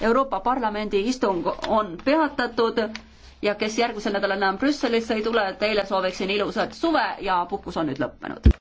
Euroopa Parlamendi istung on peatatud ja kes järgmisel nädalal enam Brüsselisse ei tule, teile sooviksin ilusat suve ja puhkus on nüüd lõppenud.